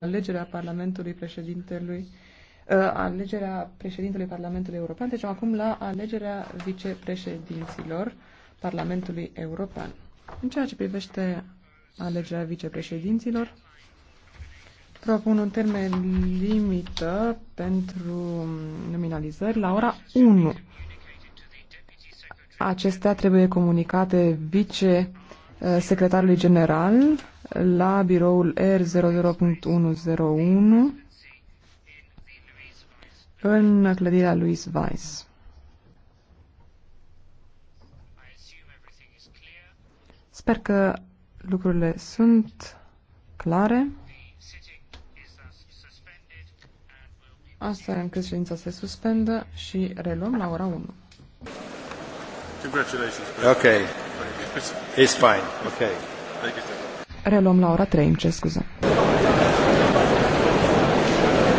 alegerea Parlamentului președintelui uh, alegerea președintelui Parlamentului European, deci acum la alegerea vicepreședinților Parlamentului European. În ceea ce privește alegerea vicepreședinților, propun un termen limită pentru nominalizări la ora 1. Acestea trebuie comunicate vicesecretarului uh, general la biroul R00.101 în clădirea lui Weiss. Sper că lucrurile sunt clare. Asta încât ședința se suspendă și reluăm la ora 1. Congratulations. Okay. It's fine. Okay. Thank you. Reluăm la ora 3, îmi cer scuze.